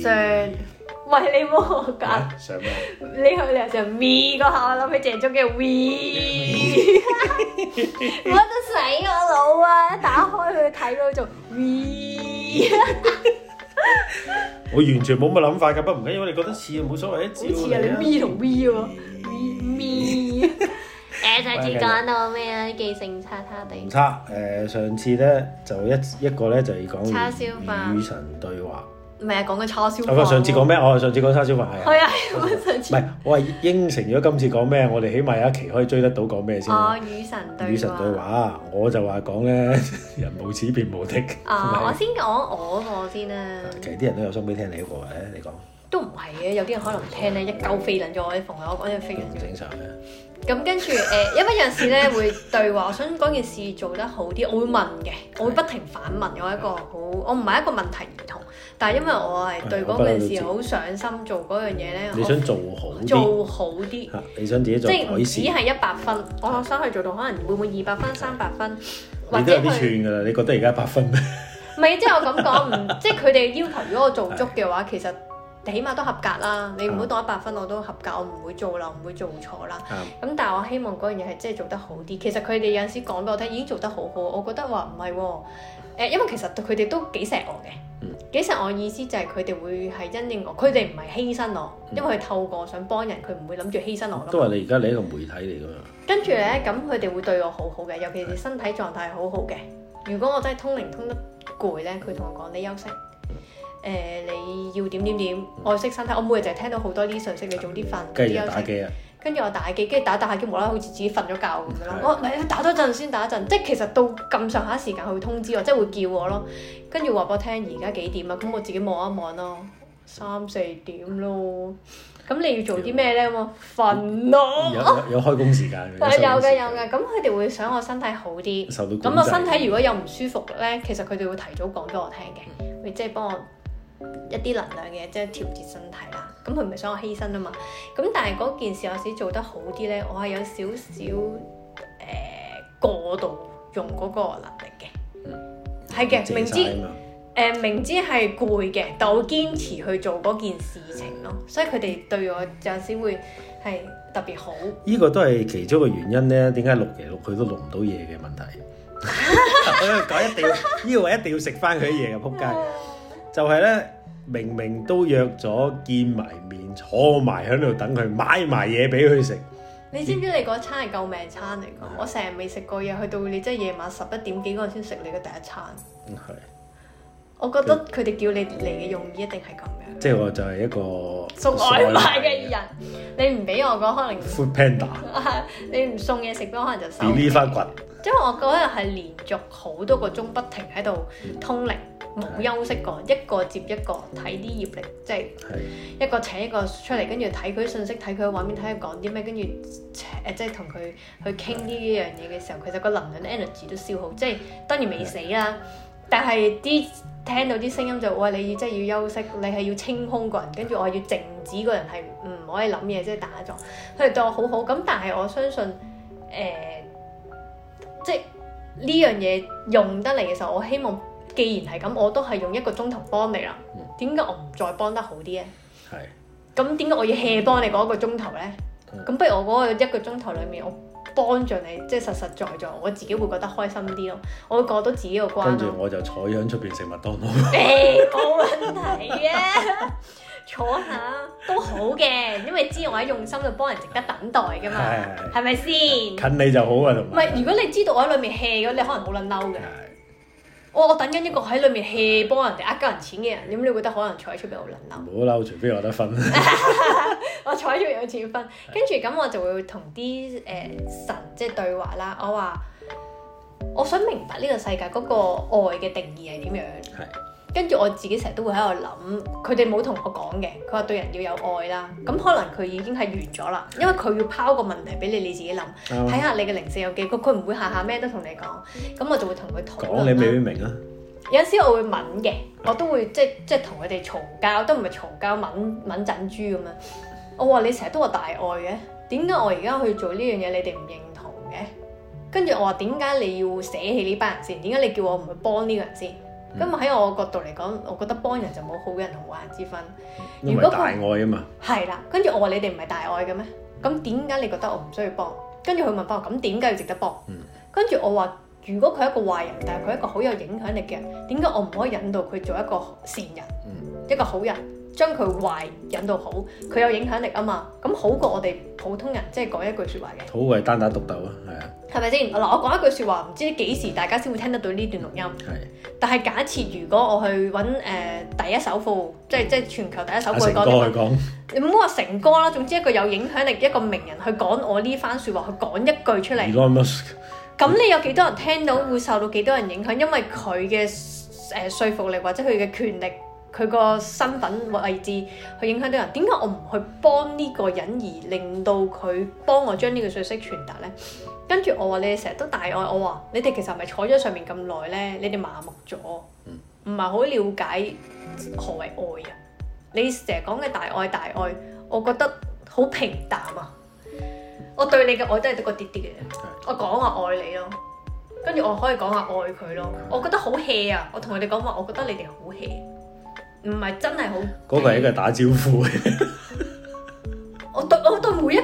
上，唔係你摸噶。上咩？你去咧就咪個口，哎、 我諗你寫咗嘅 V。我都死我腦啊！一打開去睇到做 V。 我完全冇乜諗法㗎，不唔緊要， 你覺得似又冇所謂。好似啊，你 V 同 V 喎。V V、那個。誒、呃，上次講到咩啊？記性差差哋。唔差。誒，上次咧就一一個咧就係講叉燒飯。與神對話。唔係啊，講緊叉燒飯上次。我上次講咩？我上次講叉燒飯係啊。佢係上次。唔係，我係應承咗今次講咩？我哋起碼有一期可以追得到講咩先。啊，與、哦、神對話。與神對話我就話講咧，人無恥便無敵。哦、是啊，我先我我我先啦。其實啲人都有心機聽你一個嘅，你講。都唔係嘅，有啲人可能唔聽咧，一鳩飛撚咗，我一縫又嗰一飛。正常嘅。咁 跟住誒，因為有陣時咧會對話，我想嗰件事做得好啲，我會問嘅，我會不停反問，我一個好，我唔係一個問題兒童，但係因為我係對嗰件事好上心做，做嗰樣嘢咧，我想做好做好啲 ，啊，你想自己做，即係唔止係一百分，我想去做到可能會唔會二百分、三百分， 或者你都係啲串噶啦，你覺得而家一百分咩？唔 即係我咁講，唔 即係佢哋要求，如果我做足嘅話， 其實。起碼都合格啦，嗯、你唔好當一百分，我都合格，我唔會做漏，唔會做錯啦。咁、嗯、但係我希望嗰樣嘢係真係做得好啲。其實佢哋有陣時講俾我聽，已經做得好好，我覺得話唔係喎。因為其實佢哋都幾錫我嘅，嗯、幾錫我意思就係佢哋會係因應我，佢哋唔係犧牲我，嗯、因為佢透過想幫人，佢唔會諗住犧牲我。都係你而家你一個媒體嚟㗎嘛？跟住咧，咁佢哋會對我好好嘅，尤其是身體狀態好好嘅。如果我真係通靈通得攰咧，佢同我講，你休息。誒、呃、你要點點點愛惜身體，我每日就係聽到好多啲信息，你早啲瞓，跟住打機跟住我打機，跟住打打下機，無啦，好似自己瞓咗覺咁樣咯。我嚟是的、哦、打多陣先打一陣，即係其實到咁上下時間，佢會通知我，即係會叫我咯。跟住話俾我聽而家幾點啊？咁、嗯嗯、我自己望一望咯，三四點咯。咁你要做啲咩咧？咁瞓咯。有有開工時間、啊、有嘅有嘅。咁佢哋會想我身體好啲，咁我身體如果有唔舒服咧，其實佢哋會提早講俾我聽嘅，會即係幫我。一啲能量嘅，即係調節身體啦。咁佢唔係想我犧牲啊嘛。咁但係嗰件事有時做得好啲咧，我係有少少誒過度用嗰個能力嘅。嗯，係嘅，呃，明知誒明知係攰嘅，但我堅持去做嗰件事情咯。所以佢哋對我有時會係特別好。呢個都係其中一個原因咧。點解錄嚟錄佢都錄唔到嘢嘅問題？我一定呢個我一定要食翻佢啲嘢嘅撲街。就係咧，明明都約咗見埋面，坐埋喺度等佢買埋嘢俾佢食。你知唔知你嗰餐係救命餐嚟㗎？ 我成日未食過嘢，去到你即係夜晚十一點幾嗰陣先食你嘅第一餐。嗯的，我覺得佢哋叫你嚟嘅用意一定係咁樣。即係我就係一個送外賣嘅人， 你唔俾我講，可能 Food Panda， 你唔送嘢食俾我，可能就收翻骨。因為我嗰日係連續好多個鐘不停喺度通靈。嗯冇休息過，一個接一個睇啲業力，即係一個請一個出嚟，跟住睇佢信息，睇佢畫面，睇佢講啲咩，跟住誒即係同佢去傾呢樣嘢嘅時候，其實個能量 energy 都消耗，即係當然未死啦，但係啲聽到啲聲音就話、哎、你即係要休息，你係要清空個人，跟住我係要靜止個人係唔可以諗嘢，即係打坐。」佢哋對我好好，咁但係我相信誒、呃，即係呢樣嘢用得嚟嘅時候，我希望。既然係咁，我都係用一個鐘頭幫你啦，點解、嗯、我唔再幫得好啲咧？係是，咁點解我要 hea 幫你嗰一個鐘頭咧？咁、嗯、不如我嗰個一個鐘頭裡面，我幫著你，即係實實在在，我自己會覺得開心啲咯，我會過到自己個關。跟住我就坐喺出邊食麥當勞。冇、欸、問題嘅， 坐下都好嘅，因為知我喺用心度幫人，值得等待噶嘛，係咪先？是是近你就好啊，同埋。唔係，如果你知道我喺裡面 hea 咗，你可能好撚嬲嘅。我、哦、我等緊一個喺裏面 hea 幫人哋呃鳩人錢嘅人，點你會覺得可能坐喺出邊好嬲？唔好嬲，除非我得分。 我坐喺出面有錢分，跟住咁我就會同啲誒神即係對話啦。我話我想明白呢個世界嗰個愛嘅定義係點樣。跟住我自己成日都會喺度諗，佢哋冇同我講嘅，佢話對人要有愛啦。咁可能佢已經係完咗啦，因為佢要拋個問題俾你，你自己諗，睇下、oh. 你嘅靈性有幾高。佢唔會下下咩都同你講。咁我就會同佢討論啦。講你未必明啊。有陣時我會敏嘅，我都會 即係即係同佢哋嘈交，都唔係嘈交，敏敏疹豬咁樣。我話你成日都話大愛嘅，點解我而家去做呢樣嘢你哋唔認同嘅？跟住我話點解你要捨棄呢班人先？點解你叫我唔去幫呢個人先？咁喺，嗯，我角度嚟講，我覺得幫人就冇好人同壞人之分。如果佢係愛啊嘛。係啦，跟住我話你哋唔係大愛嘅咩？咁點解你覺得我唔需要幫？跟住佢問我，咁點解要值得幫？嗯。跟住我話，如果佢係一個壞人，但係佢係一個好有影響力嘅人，點解我唔可以引導佢做一個善人？嗯。一個好人。將佢壞引導好，佢有影響力啊嘛，咁好過我哋普通人即係講一句說話嘅。好係單打獨鬥啊，係啊，係咪先？嗱，我講一句說話，唔知幾時大家先會聽得到呢段錄音。係、嗯，但係假設如果我去搵誒、呃、第一首富，即係即係全球第一首富嗰度啦，唔好話成哥啦，總之一個有影響力一個名人去講我呢番說話，去講一句出嚟。咁、嗯、你有幾多人聽到會受到幾多人影響？因為佢嘅誒說服力或者佢嘅權力。佢個身份或位置去影響到人，點解我唔去幫呢個人而令到佢幫我將呢個訊息傳達呢？跟住我話你哋成日都大愛，我話你哋其實係咪坐咗上面咁耐呢？你哋麻木咗，唔係好了解何謂愛啊？你成日講嘅大愛大愛，我覺得好平淡啊！我對你嘅愛都係得個啲啲嘅，我講話愛你咯，跟住我可以講下愛佢咯，我覺得好 hea 啊！我同佢哋講話，我覺得你哋好 hea。唔係真係好，嗰個係一個打招呼嘅。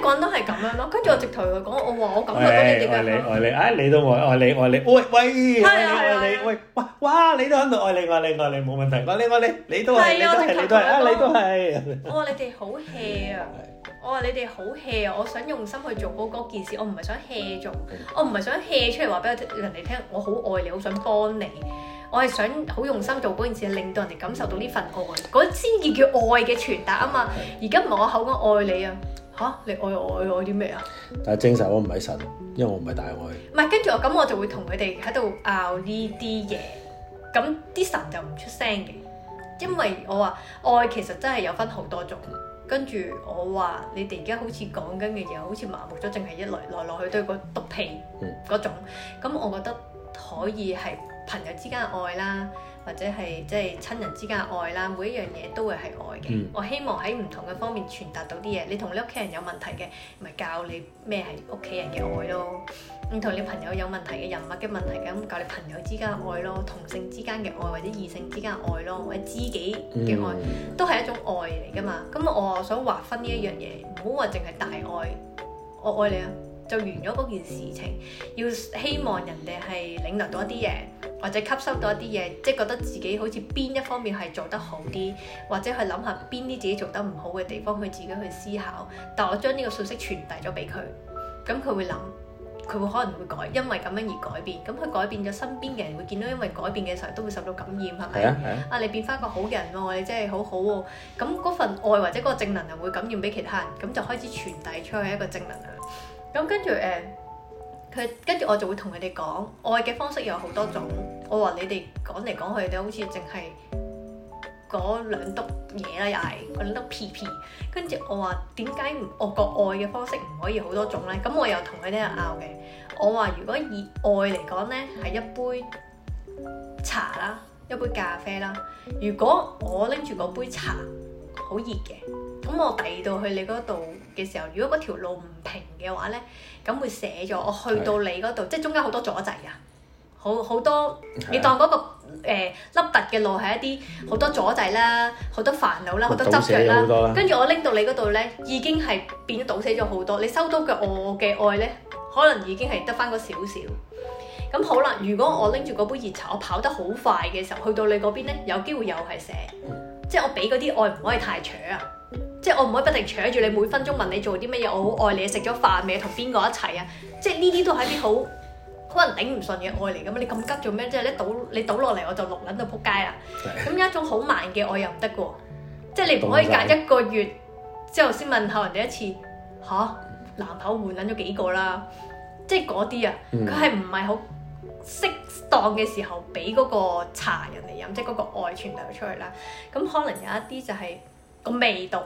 我都係咁樣咯，跟住我直頭佢講，我話我來、啊、感覺到、啊、你點解愛你愛你，哎你都愛愛你愛你，喂喂愛你愛你喂，哇你都喺度愛你愛你愛你冇問題，愛你愛你你都係、啊、你都係你都係，我話你哋好 hea 啊，我話你哋好 hea 啊，我想用心去做嗰件事，我唔係想 hea 做，我唔係想 hea 出嚟話俾人哋聽，我好愛你好想幫你，我係想好用心做嗰件事，令到人哋感受到呢份愛，嗰先至叫叫愛嘅傳達啊嘛，而家唔係我口講愛你啊。嚇、啊！你愛愛我啲咩啊？但係正實我唔係神，因為我唔係大愛。唔係、嗯，跟住我咁我就會同佢哋喺度拗呢啲嘢。咁啲神就唔出聲嘅，因為我話愛其實真係有分好多種。跟住我話你哋而家好似講緊嘅嘢，好似麻木咗，淨係一來來來去都係個篤皮嗰種。咁、嗯、我覺得可以係朋友之間嘅愛啦。或者係即係親人之間嘅愛啦，每一樣嘢都會係愛嘅。嗯、我希望喺唔同嘅方面傳達到啲嘢。你同你屋企人有問題嘅，咪教你咩係屋企人嘅愛咯。唔同你朋友有問題嘅人物嘅問題，咁教你朋友之間嘅愛咯，同性之間嘅愛或者異性之間嘅愛咯，或者知己嘅愛都係一種愛嚟噶嘛。咁我想劃分呢一樣嘢，唔好話淨係大愛。我愛你啊！就完咗嗰件事情，要希望人哋係領略到一啲嘢，或者吸收到一啲嘢，即係覺得自己好似邊一方面係做得好啲，或者去諗下邊啲自己做得唔好嘅地方，去自己去思考。但我將呢個信息傳遞咗俾佢，咁佢會諗，佢會可能會改，因為咁樣而改變，咁佢改變咗身邊嘅人，會見到，因為改變嘅時候都會受到感染，係咪啊？係啊！啊，你變翻個好嘅人喎，我哋真係好好喎。咁份愛或者嗰個正能量會感染俾其他人，咁就開始傳遞出去一個正能量。咁跟住誒，佢、呃、跟住我就會同佢哋講，愛嘅方式有好多種。我話你哋講嚟講去，你好似淨係嗰兩篤嘢啦，又係嗰兩篤屁屁。跟住我話點解我個愛嘅方式唔可以好多種咧？咁我又同佢哋拗嘅。我話如果以愛嚟講咧，係一杯茶啦，一杯咖啡啦。如果我拎住嗰杯茶好熱嘅。咁我第二度去你嗰度嘅時候，如果嗰條路唔平嘅話咧，咁會瀉咗。我去到你嗰度，的即係中間好多阻滯啊，好好多。的你當嗰、嗰個、呃、凹凸嘅路係一啲好多阻滯啦，好多煩惱啦，好、嗯、多執著啦。跟住我拎到你嗰度咧，已經係變咗倒瀉咗好多。你收到嘅我嘅愛咧，可能已經係得翻嗰少少。咁好啦，如果我拎住嗰杯熱茶，我跑得好快嘅時候，去到你嗰邊咧，有機會又係瀉。嗯、即係我俾嗰啲愛唔可以太長啊。即係我唔可以不停扯住你每分鐘問你做啲乜嘢，我好愛你，食咗飯未？同邊個一齊啊？即係呢啲都係啲好可能頂唔順嘅愛嚟噶嘛？你咁急做咩啫？你倒你倒落嚟我就落撚到撲街啦！咁有 一種好慢嘅愛又唔得嘅喎，即係你唔可以隔一個月之後先問下人哋一次吓？男友換撚咗幾個啦，即係嗰啲啊，佢係唔係好適當嘅時候俾嗰個茶人嚟飲，即係嗰個愛傳流出去啦？咁可能有一啲就係個味道。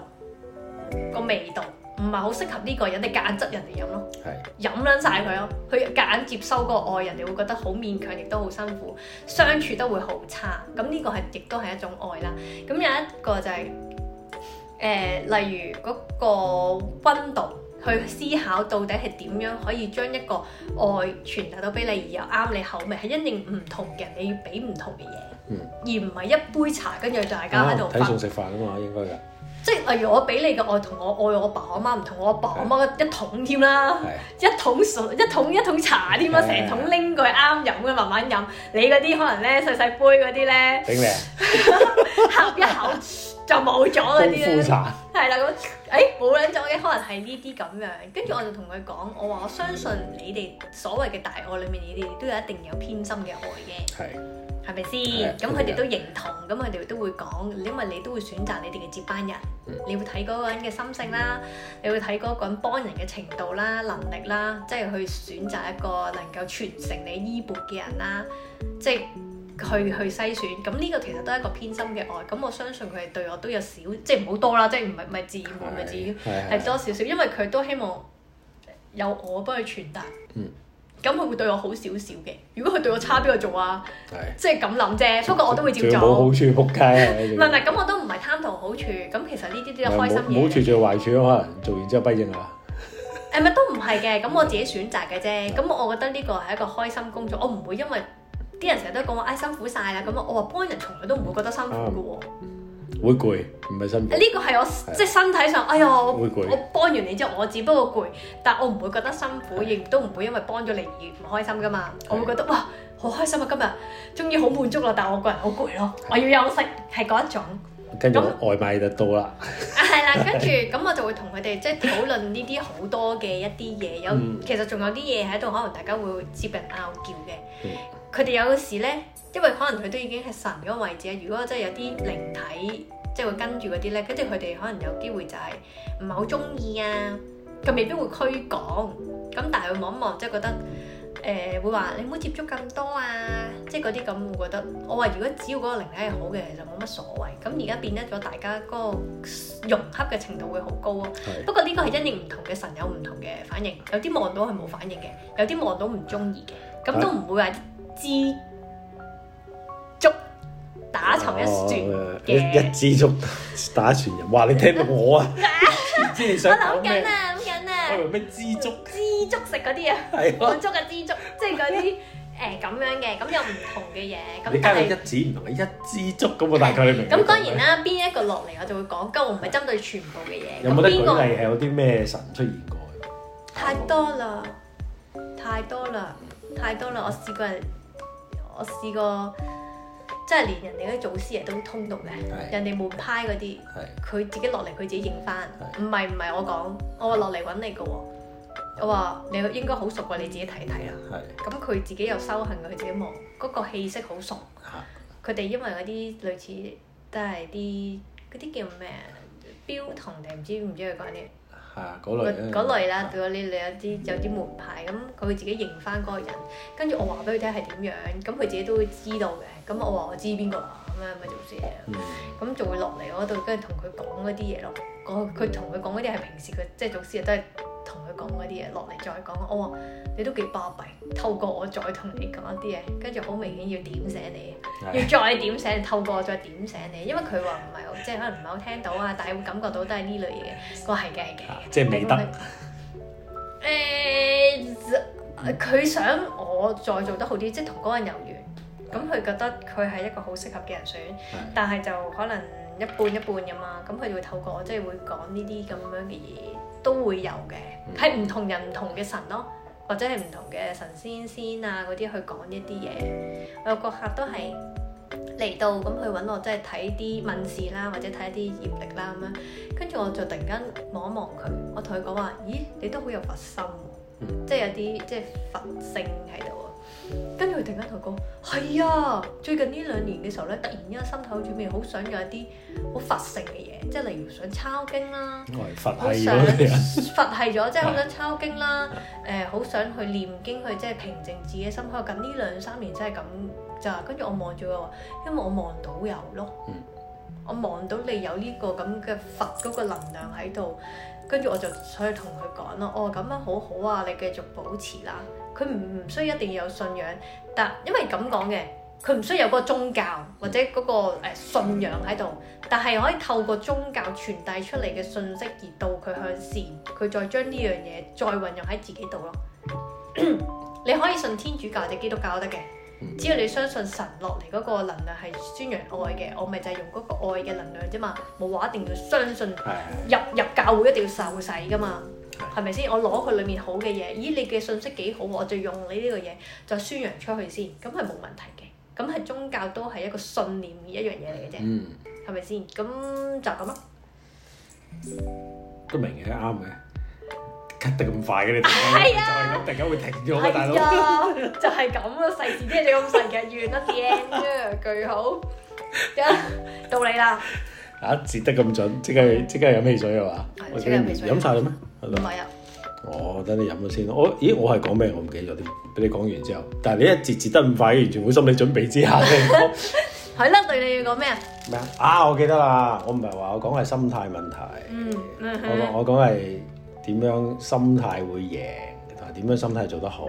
個味道唔係好適合呢、這個人，人，你夾的硬執人哋飲咯，係飲撚晒佢咯，佢夾硬接收個愛，人哋會覺得好勉強，亦都好辛苦，相處得會好差。咁呢個係亦都係一種愛啦。咁有一個就係、是、誒、呃，例如嗰個溫度，去思考到底係點樣可以將一個愛傳達到俾你，而又啱你口味，係一定唔同嘅，你要俾唔同嘅嘢。嗯、而唔係一杯茶，跟住大家喺度睇餸食飯啊嘛，應該噶。即係例如我俾你嘅愛同我愛我爸我媽唔同，我阿爸我媽的一桶添啦的，一桶水一桶一桶茶添啦，成的桶拎過啱飲嘅，慢慢飲。你嗰啲可能咧細細杯嗰啲咧，飲咩？呷一口就冇咗嗰啲茶？係啦，咁誒冇兩種嘅，可能係呢啲咁樣。跟住我就同佢講，我話我相信你哋所謂嘅大愛裏面，你哋都有一定有偏心嘅愛嘅。係。係咪先？咁佢哋都認同，咁佢哋都會講，因為你都會選擇你哋嘅接班人。你會睇嗰個人嘅心性啦，你會睇嗰個人幫人嘅程度啦、能力啦，即係去選擇一個能夠傳承你衣缽嘅人啦，即係去去篩選。咁呢個其實都係一個偏心嘅愛。咁我相信佢係對我都有少，即係唔好多啦，即係唔係唔係自然，唔係自然係多少少，因為佢都希望有我幫佢傳達。嗯。咁佢會對我好少少嘅。如果佢對我差，邊個做啊？哎、即係咁諗啫。只不過我都會照做。冇好處撲街。唔係唔係，咁 我都唔係貪圖好處。咁其實呢啲都有開心嘢。冇好處就壞處，處可能做完之後閉翳啦。誒 咪都唔係嘅。咁我自己選擇嘅啫。咁、嗯、我覺得呢個係一個開心工作。我唔會因為啲人成日都講我，唉辛苦晒啦。咁我話幫人從來都唔會覺得辛苦嘅喎。嗯會攰，唔係辛苦。呢個係我即係身體上，哎呀，我幫完你之後，我只不過攰，但我唔會覺得辛苦，亦都唔會因為幫咗你而唔開心㗎嘛。我會覺得哇，好開心啊！今日終於好滿足啦，但我個人好攰咯，我要休息，係嗰一種。跟住外賣就到啦。啊，係啦，跟住咁我就會同佢哋即係討論呢啲好多嘅一啲嘢，有其實仲有啲嘢喺度，可能大家會接人拗叫嘅。佢哋有時咧。因為可能佢都已經係神嗰個位置咧，如果真係有啲靈體，即係會跟住嗰啲咧，跟住佢哋可能有機會就係唔係好中意啊，咁未必會驅趕，咁但係佢望一望即係覺得，誒會話你唔好接觸咁多啊，即係嗰啲咁，我覺得我話如果只要嗰個靈體係好嘅，就冇乜所謂。咁而家變咗大家嗰個融合嘅程度會好高啊，不過呢個係因應唔同嘅神有唔同嘅反應，有啲望到係冇反應嘅，有啲望到唔中意嘅，咁都唔會話知。竹打沉一船嘅 一支竹打，打船人，哇！你聽到我啊？ 我前想諗緊啊，諗緊啊，咩支竹？支竹食嗰啲啊，滿 足嘅支竹，即係嗰啲誒咁樣嘅，咁有唔同嘅嘢。咁加個一指唔同，嘅一支竹。咁啊？大概你明。咁 當然啦、啊，邊一個落嚟我就會講，咁我唔係針對全部嘅嘢。有冇得舉例係有啲咩神出現過誰太？太多啦，太多啦，太多啦！我試過，我試過。即係連人哋啲祖師爺都通讀嘅，是人哋門派嗰啲，佢是自己落嚟佢自己認翻。唔係，唔係我講，我話落嚟揾你㗎喎，我話你應該好熟㗎，你自己睇一睇啦。咁佢是自己又修行嘅，佢自己望，嗰、嗰個氣息好熟。佢哋的因為嗰啲類似都係啲嗰啲叫咩標童定唔知，唔知佢講啲。係 啊，嗰類啦，對我呢兩啲有啲門派咁，佢、嗯、會、嗯啊、自己認翻嗰個人，跟住我話俾佢聽係點樣，咁佢自己都會知道嘅。咁、嗯、我話我知邊個話，咁樣咪做師、嗯、啊，咁就會落嚟我度，跟住同佢講嗰啲嘢咯。我佢同佢講嗰啲係平時佢即係做師啊都係。佢講嗰啲嘢落嚟再講，我話你都幾巴閉。透過我再同你講一啲嘢，跟住好明顯要點醒你，的要再點醒你，透過我再點醒你。因為佢話唔係即係可能唔係好聽到啊，但係會感覺到都係呢類嘢。我係嘅，嘅。即係美登。誒的，佢能、欸、想我再做得好啲，即係同嗰個人有緣。咁佢覺得佢係一個好適合嘅人選，的但係就可能一半一半咁嘛，咁佢會透過我，即、就、係、是、會講呢啲咁樣嘅嘢。都會有嘅，係唔同人唔同嘅神咯、哦，或者係唔同嘅神仙仙啊嗰啲去講一啲嘢。我有個客都係嚟到咁去揾我，即係睇啲問事啦，或者睇一啲業力啦咁樣，跟住我就突然間望一望佢，我同佢講話：咦，你都好有佛心、啊，即係有啲即係佛性喺度。跟住佢突然間同我講，係啊，最近呢兩年嘅時候咧，突然之間心口裏面，好想有一啲好佛性嘅嘢，即係例如想抄經啦，好、哎、想佛係咗，即係好想抄經啦，誒、哎，好、呃、想去念經，去即係平靜自己嘅心口。咁呢兩三年真係咁就，跟住我望住佢話，因為我望到有咯，我望到你有呢個咁嘅佛嗰個能量喺度，跟住我就所以同佢講咯，哦，咁樣好好啊，你繼續保持啦。佢唔唔需要一定要有信仰，但因為咁講嘅，佢唔需要有嗰個宗教或者嗰個誒信仰喺度，但係可以透過宗教傳遞出嚟嘅信息而導佢向善，佢再將呢樣嘢再運用喺自己度咯。 你可以信天主教或者基督教都得嘅，只要你相信神落嚟嗰個能量係宣揚愛嘅，我咪就係用嗰個愛嘅能量啫嘛，冇話一定要相信入入教會一定要受洗㗎嘛。係咪先？我攞佢裏面好嘅嘢，咦？你嘅信息幾好，我就用你呢個嘢就宣揚出去先，咁係冇問題嘅。咁係宗教都係一個信念嘅一樣嘢嚟嘅啫，係咪先？咁就咁咯。都明嘅，啱嘅，咳得咁快嘅你，係啊，就係咁突然間會停咗，大佬就係咁啊！細字啲你咁神嘅，完得 end 啊句號，到你啦。嚇，截得咁準，即刻即刻飲汽水啊嘛！我已經飲曬啦咩？唔係 Hello. 啊！我等你飲咗先咯。我咦，我係講咩？我唔記得咗啲。俾你講完之後，但係你一截截得唔快，完全冇心理準備之下咧。係啦，對你要講咩啊？咩啊？啊，我記得啦。我唔係話我講係心態問題。嗯，我講說、啊、我講係點樣心態會贏，同埋點樣心態做得好。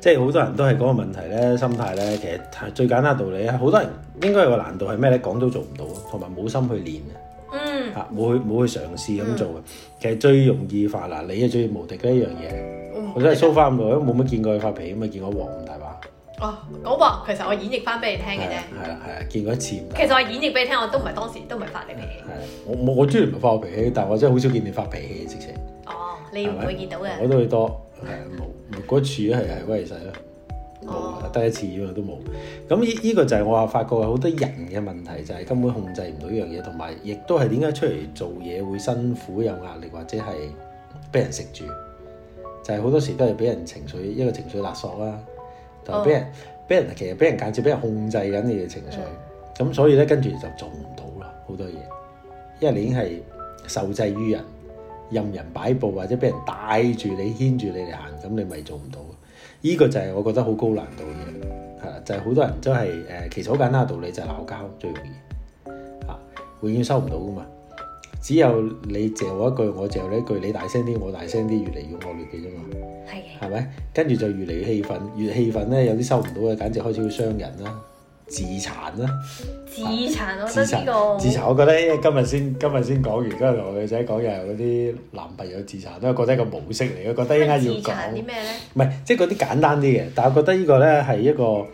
即係好多人都係嗰個問題咧，心態咧，其實最簡單道理咧，好多人應該有個難度係咩咧？講都做唔到，同埋冇心去練啊！嗯，嚇冇、啊、去冇去嘗試咁做嘅。嗯、其實最容易發嗱，你係最無敵嘅一樣嘢，嗯、我真係 show 翻喎，都冇乜見過佢發脾氣，咪見我黃大把。哦，嗰、那個、其實我演繹翻俾你聽嘅啫。係啊係啊，啊，見過一次。其實我演繹俾你聽，我都唔係當時，都唔係發你脾氣。係啊，啊，我我我中意發我脾氣，但我真係好少見你發脾氣嘅直情。哦，你唔會見到嘅。我都會多，係冇、 啊，嗰次係係威世咯。冇，得、哦、一次咋嘛都冇。咁呢呢個就係我話發覺，好多人嘅問題就係根本控制唔到呢樣嘢，同埋亦都係點解出嚟做嘢會辛苦、有壓力，或者係俾人食住，就係、是、好多時都係俾人情緒一個情緒勒索啦。就俾人俾、哦、人，人其實俾人間接俾人控制緊你嘅情緒，咁、嗯、所以咧跟住就做唔到啦，好多嘢，因為你已經係受制於人，任人擺布或者俾人帶住你牽住你嚟行，咁你咪做唔到。依個就係我覺得好高難度嘅，就係、是、好多人都、就、係、是呃、其實好簡單嘅道理就係鬧交最容易，永遠收唔到㗎嘛，只有你借我一句，我借你一句，你大聲啲，我大聲啲，越嚟越惡劣嘅啫嘛，係咪的？跟住就越嚟越氣憤，越氣憤呢有啲收唔到嘅，簡直開始會傷人啦、啊。自殘啦，自殘，自，自殘，我覺得，個覺得自殘呢、就是我得個個，我覺得今日先今日先講完，今日同女仔講嘅係啲男朋友自殘啦，覺得一個模式嚟嘅，覺得應該要講啲咩咧？唔係，即係嗰啲簡單啲嘅，但係我覺得呢個咧係一個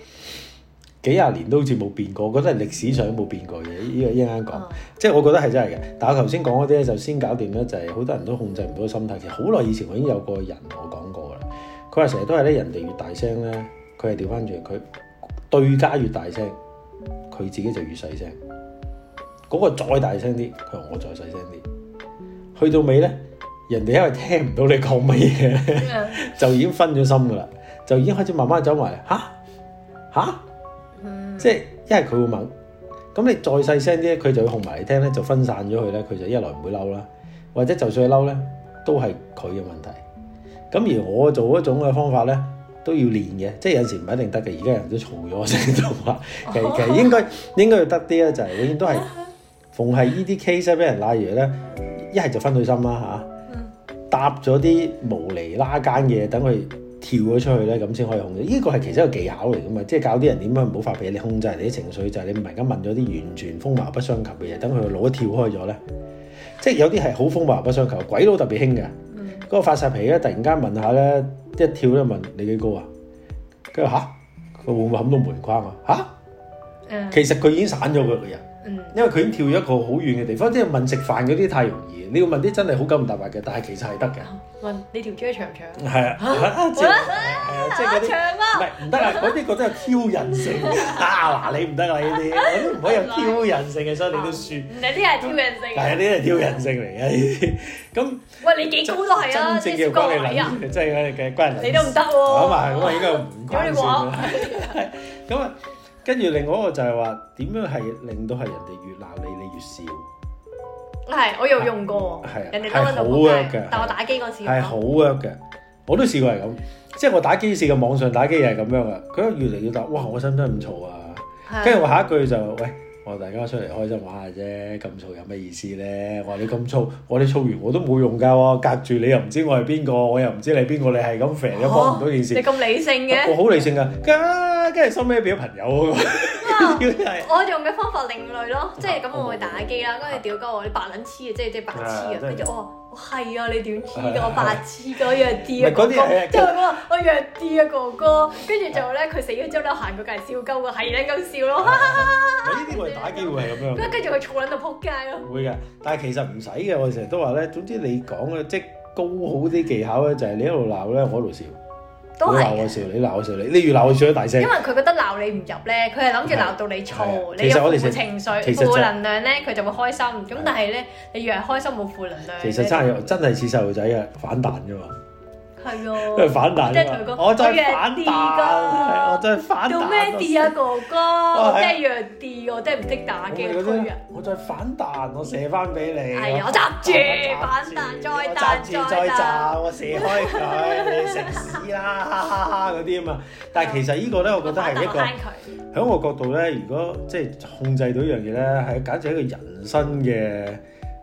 幾廿年都好似冇變過，覺得係歷史上都冇變過嘅。呢個應該講，即係我覺得係真係嘅。但係我頭先講嗰啲咧，就先搞掂啦，就係、是、好多人都控制唔到心態。其實好耐以前我已經有個人同我講過啦，佢話成日都係咧，人哋越大聲咧，佢係調翻轉佢。對家越大聲，佢自己就越細聲。嗰、那個再大聲啲，佢話我再細聲啲。去到尾咧，人哋因為聽唔到你講乜嘢，嗯、 就已經分咗心噶啦，就已經開始慢慢走埋。嚟、啊。吓、啊？吓、嗯？即係因為佢會猛。咁你再細聲啲，佢就要控埋你聽咧，就分散咗佢咧。佢就一來唔會嬲啦，或者就算佢嬲咧，都係佢嘅問題。咁而我做一種嘅方法咧。都要練嘅，即係有時唔係一定得嘅。而家人都嘈咗聲都話，其 實其實應該應該要得啲啦、就是，就係永遠都係，逢係呢啲 case 俾人拉住咧，一係就分對心啦嚇、啊，搭咗啲無厘拉間嘢，等佢跳咗出去咧，咁先可以控制。呢個係其實一個技巧嚟噶嘛，即係教啲人點樣唔好發脾氣控制你啲情緒，就係、是、你唔係而家問咗啲完全風馬牛不相及嘅嘢，等佢攞跳開咗咧，即係有啲係好風馬牛不相及，鬼佬特別興嘅。嗰個發曬脾氣咧，突然間問一下咧，一跳咧問你幾高啊？佢話嚇，佢、啊、會唔會冚到門框啊？嚇、啊，誒、嗯，其實佢已經散咗佢個人。因為佢已經跳咗一個好遠嘅地方，即係問食飯嗰啲太容易，你要問啲真係好久唔達白嘅，但係其實係得嘅。問你條腰長唔長？係啊，即係即係嗰啲唔係唔得啊！嗰啲覺得有挑人性啊，嗱你唔得啦呢啲，我都唔可以有挑人性嘅，所以你都輸。你啲係挑人性。係啊，啲係挑人性嚟嘅呢啲。咁喂，你幾高都係啊，真正叫關你唔係啊，即係關你。你都唔得喎。咁啊，咁啊，應該唔關事。咁啊。跟住另外一個就係話點樣係令到係人哋越鬧你，你越笑。係，我有用過。係，人哋都喺度 work 嘅。但我打機嗰時係好 work 嘅。我都試過係咁，即係我打機時嘅網上打機又係咁樣啊。佢越嚟越大，哇！我使唔使咁嘈啊？跟住我下一句就：喂，我大家出嚟開心玩下啫，咁嘈有咩意思咧？我話你咁嘈，我哋嘈完我都冇用㗎喎，隔住你又唔知我係邊個，我又唔知你邊個，你係咁肥都幫唔到件事。你咁理性嘅？我好理性㗎。跟住收咩畀朋友我用嘅方法另類咯，即係咁我會打機啦。跟住屌鳩我，你白撚黐嘅，即係即係白黐嘅。跟住我話係啊，你點知嘅？我白黐嘅，弱啲啊，啲哥。即係我話我弱啲啊，哥哥。跟住就咧，佢死咗之後咧，行過嚟笑鳩啊，係咧咁笑咯。呢啲我打機會係咁樣。跟住佢坐撚到仆街咯。會嘅，但係其實唔使嘅。我哋成日都話咧，總之你講嘅即係高好啲技巧咧，就係你一路鬧咧，我喺度笑。都係鬧我笑你，鬧我笑你，你越鬧我笑得大聲。因為佢覺得鬧你唔入咧，佢係諗住鬧到你燥，你有負情緒、負、就是、負能量咧，佢就會開心。咁的但係咧，你越係開心冇負能量，的其實真係真係似細路仔啊，反彈啫嘛。係咯，即係佢我再反彈，我再反彈，做咩啲啊，哥哥？我真係弱啲，我真係唔識打機。我再反彈，我射翻俾你。係，我執住反彈，再彈，再炸。我射開佢，你食屎啦！哈哈哈嗰啲啊嘛。但係其實呢個咧，我覺得係一個喺我角度咧，如果即係控制到一樣嘢咧，係簡直係一個人生嘅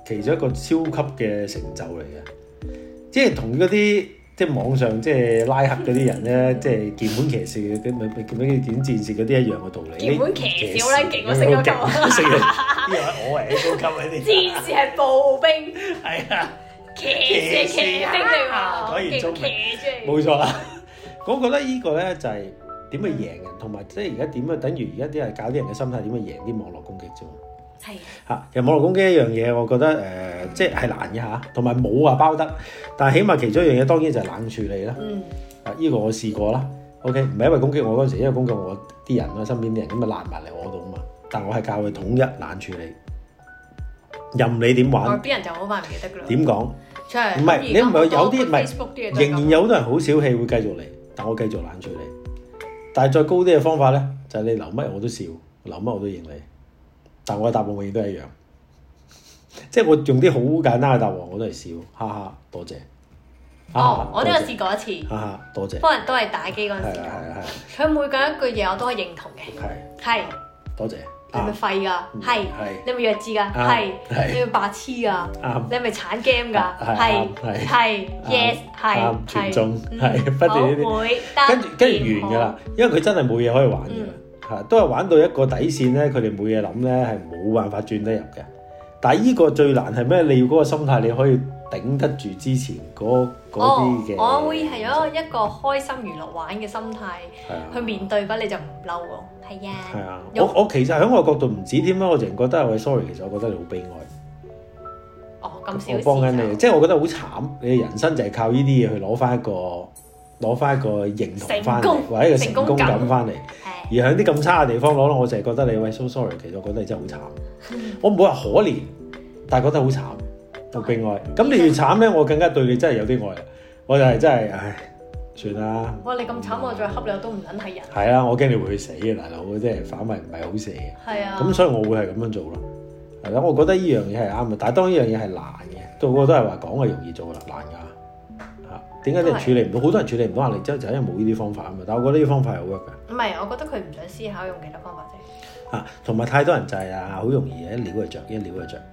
其中一個超級嘅成就嚟嘅，即係同嗰啲。即係網上即係拉黑嗰啲人咧，即係鍵盤騎士嘅，咁咪咪鍵盤戰士嗰啲一樣嘅道理。鍵盤騎士，我呢個升咗級。呢個係超級你哋。戰士係步兵。係啊。騎士兵嚟喎。騎啊、果然中。冇錯啦。我覺得依個咧、這個、就係點去贏人，同埋即係而家點啊？等於而家啲人搞啲人嘅心態點去贏啲網絡攻擊啫。係，吓、啊，其實網絡攻擊一樣嘢，我覺得誒、呃，即係難嘅吓，同埋冇話包得，但係起碼其中一樣嘢，當然就係冷處理啦。嗯，呢個我試過啦。OK，唔係因為攻擊我嗰陣時，因為攻擊我啲人咯，身邊啲人咁咪攔埋嚟我度啊嘛。但我係教佢統一冷處理，任你點玩。啲人就好快唔記得噶啦。點講？唔係，你唔係有啲係，仍然有好多人好小氣會繼續嚟，但我繼續冷處理。但係再高啲嘅方法咧，就係、是、你留乜我都笑，留乜我都認你。但我嘅答案永遠都係一樣，即係我用啲好簡單嘅答案，我都係笑，哈哈，多謝。哦，我都有試過一次，哈哈，多謝。幫人都係打機嗰陣時，係佢每講一句嘢，我都係認同嘅，係，係，多謝。你咪廢㗎，係，係。你咪弱智㗎，係，你咪白痴㗎，啱。你咪鏟 game 㗎，係，係，yes，係，係，全中，係，不斷呢啲，跟住跟住完㗎啦，因為佢真係冇嘢可以玩㗎啦。都係玩到一個底線咧，佢哋每嘢諗咧係冇辦法轉得入嘅。但係呢個最難係咩？你要嗰個心態，你可以頂得住之前嗰啲嘅。我會係有一個開心娛樂玩嘅心態，去面對噃，啊、你就唔嬲咯。係啊，啊，我用我，我其實喺我角度唔止添啦，我仲覺得喂，sorry，其實我覺得你好悲哀。哦，咁少、啊。我幫緊你，啊、即係我覺得好慘。你嘅人生就係靠呢啲嘢去攞翻一個攞翻一個認同翻，功或者一個成功感翻嚟功。而喺啲咁差嘅地方攞咯，我淨係覺得你喂，So sorry，其實我覺得你真係好慘。 我唔會話可憐，但係覺得好慘，好悲哀。咁你越慘咧，我更加對你真係有啲愛。我就係真係，唉，算啦。我話你咁慘，我再恰你都唔撚係人。係啊，我驚你會去死，死啊，大佬！即係反胃唔係好死嘅。係啊。咁所以我會係咁樣做咯。係啦、啊，我覺得呢樣嘢係啱嘅，但係當呢樣嘢係難嘅，個個都係話講係容易做嘅啦，難㗎。點解你處理唔到？好多人處理唔到壓力，之後就係因為冇呢啲方法啊嘛。但係我覺得呢啲方法係 work 㗎。唔係，我覺得佢唔想思考用其他方法啫。啊，同埋太多人就係、是、啊，好容易一撩就着，一撩就着。嚇、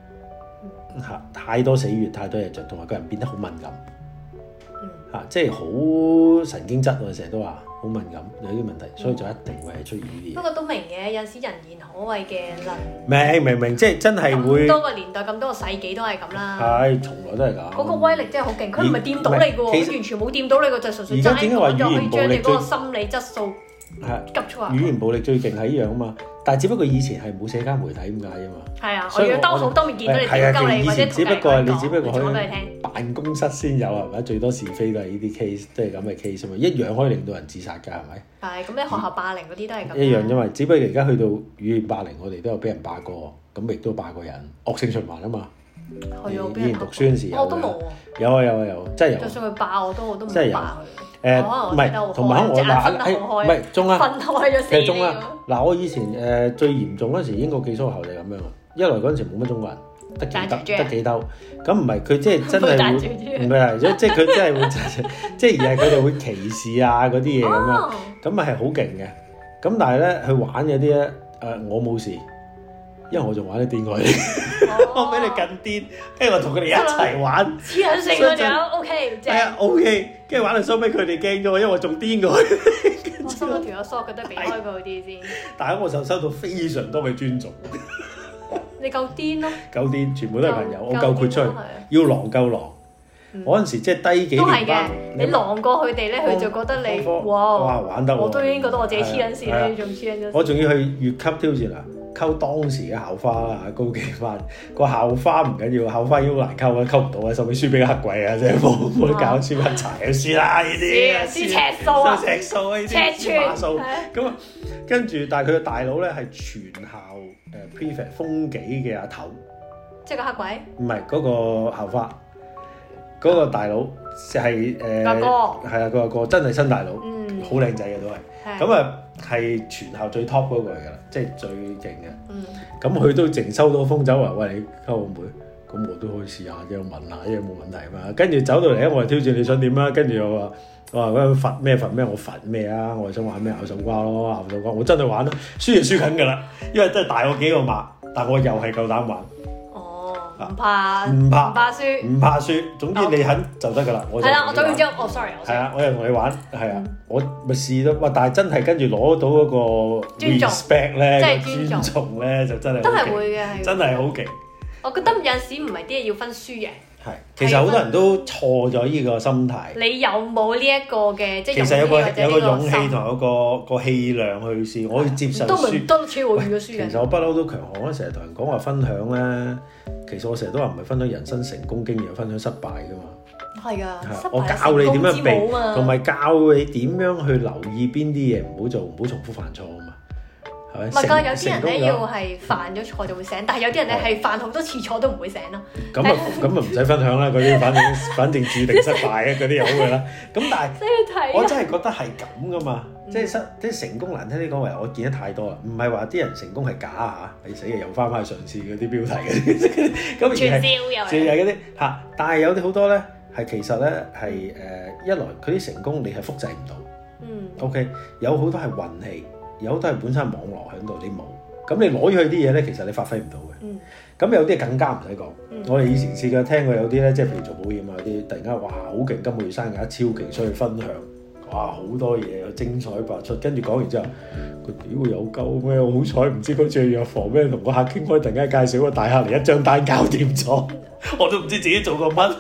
嗯啊！太多死穴，太多嘢着，同埋個人變得好敏感。嚇、嗯啊！即係好神經質喎、啊，我成日都話。好敏感有啲問題，所以就一定會係出現呢啲嘢。不過都明嘅，有時人言可畏嘅啦。明明明，即係真係會。咁多個年代，咁多個世紀都係咁啦。係、哎，從來都係咁。嗰個威力真係好勁，佢唔係掂到你嘅佢而完全冇掂到你嘅，實就純粹可以將你將你嗰個心理質素。係，語言暴力最勁係一樣啊嘛，但係只不過以前係冇社交媒體咁解啫嘛。係啊，我要兜數兜面見到你點鳩你，只不過你只不過講。講俾你聽。辦公室先有係咪？最多是非都係呢啲 case，即係咁嘅 case 嘛，一樣可以令到人自殺㗎係咪？係。咁你學校霸凌嗰啲都係咁。一樣啫嘛，只不過而家去到語言霸凌，我哋都有俾人霸過，咁亦都霸過人，惡性循環啊嘛。係啊，以前讀書嗰時。我都冇啊。有啊有啊有，真係有。就算佢霸我都我都唔霸佢。誒唔係，同埋我嗱係，唔係中啊，分開咗四年咯。嗱我以前誒、呃、最嚴重嗰時，英國寄宿學校就係咁樣啊。一來嗰時冇乜中國人，得幾得、啊、得幾兜。咁唔係佢即係真係會，唔係啊，即係佢真係會， 即係而係佢哋會歧視啊嗰啲嘢咁樣。咁咪係好勁嘅。咁但係咧，去玩嗰啲咧，誒、呃、我冇事。因為我仲玩得癲過你，我比你更癲，跟住我同佢哋一齊玩黐撚線嘅人，O K，係啊，O K，跟住玩到收尾佢哋驚咗，因為我仲癲過佢。我收咗條友 short，覺得避開佢啲先。但係我就收到非常多嘅尊重。你夠癲咯？夠癲，全部都係朋友，我夠豁出去，要狼夠狼。我嗰陣時即係低幾年級，你狼過佢哋咧，佢就覺得你哇哇玩得，我都已經覺得我自己黐撚線咧，仲黐撚。我仲要去越級挑戰嗱。溝當時嘅校花啦，高幾班個校花唔緊要，校花好難溝啊，溝唔到啊，甚至輸俾黑鬼啊，即係冇搞笑一齊嘅事啦呢啲啊，尺數啊，尺數呢啲，尺碼數咁。啊，跟住，但係佢嘅大佬咧係全校誒 prefect 風紀嘅阿頭，即係個黑鬼？唔係嗰個校花，嗰個大佬就係誒，阿哥，係啊，佢話個真係親大佬，好靚仔嘅都係，咁啊。係全校最 top 嗰、那個嚟㗎啦，即係最勁嘅。咁佢、嗯、都淨收到風走話，喂你溝我妹，咁我都可以試下，問一問下，因為冇問題嘛。跟住走到嚟我話，挑戰你想點啊？跟住又話，我話、嗯、罰咩罰咩，我罰咩啊？我係想玩咩咬手瓜咯，咬手瓜，我真係玩啦，輸完輸緊㗎啦，因為真係大我幾個碼，但我又係夠膽玩。唔怕，唔怕，唔怕輸，唔怕輸。總之你肯就得㗎啦。係啦，我走完之後，哦 sorry。係啊，我又同你玩，係啊，我咪試咯。哇！但係真係跟住攞到嗰個 respect 咧，尊重咧，就真係都係會嘅，真係好勁。我覺得有陣時唔係啲嘢要分輸贏。其實好多人都錯咗呢個心態。你有冇呢一個嘅即係勇氣，其實有個，個氣有個勇氣同有個個氣量去試，我要接受都喂其實我不嬲都強項啦，成日同人講話分享咧。其實我成日都話唔係分享人生成功經驗，分享失敗噶嘛。係啊的，的我教你點樣避，同埋教你點樣去留意邊啲嘢，唔好做，唔好重複犯錯。唔係㗎，成有啲人咧要係犯咗錯就會醒，但係有啲人咧係犯好多次錯都唔會醒咯。咁啊的，咁啊唔使分享啦，嗰啲反正 反正註定失敗嘅嗰啲好嘅啦。咁但係我真係覺得係咁噶嘛，嗯、即係失啲成功難聽啲講話，我見得太多啦。唔係話啲人成功係假啊嚇，你死嘅又翻返去上次嗰啲標題嗰啲。咁 而係是，仲係嗰啲嚇，但係有啲好多咧係其實咧係誒一來佢啲成功你係複製唔到，嗯，OK，有好多係運氣。有好多係本身網絡喺度，你冇，咁你攞去啲嘢咧，其實你發揮唔到嘅。咁、嗯、有啲更加唔使講，我哋以前試過聽過有啲咧，即係譬如做保險啊啲，有突然間哇好勁，今個月生日超勁，所以分享，哇好多嘢精彩百出，跟住講完之後，屌、呃、有鳩咩？我好彩唔知佢住藥房咩，同個客傾開，突然間介紹個大客嚟一張單搞掂咗， 我都唔知自己做過乜，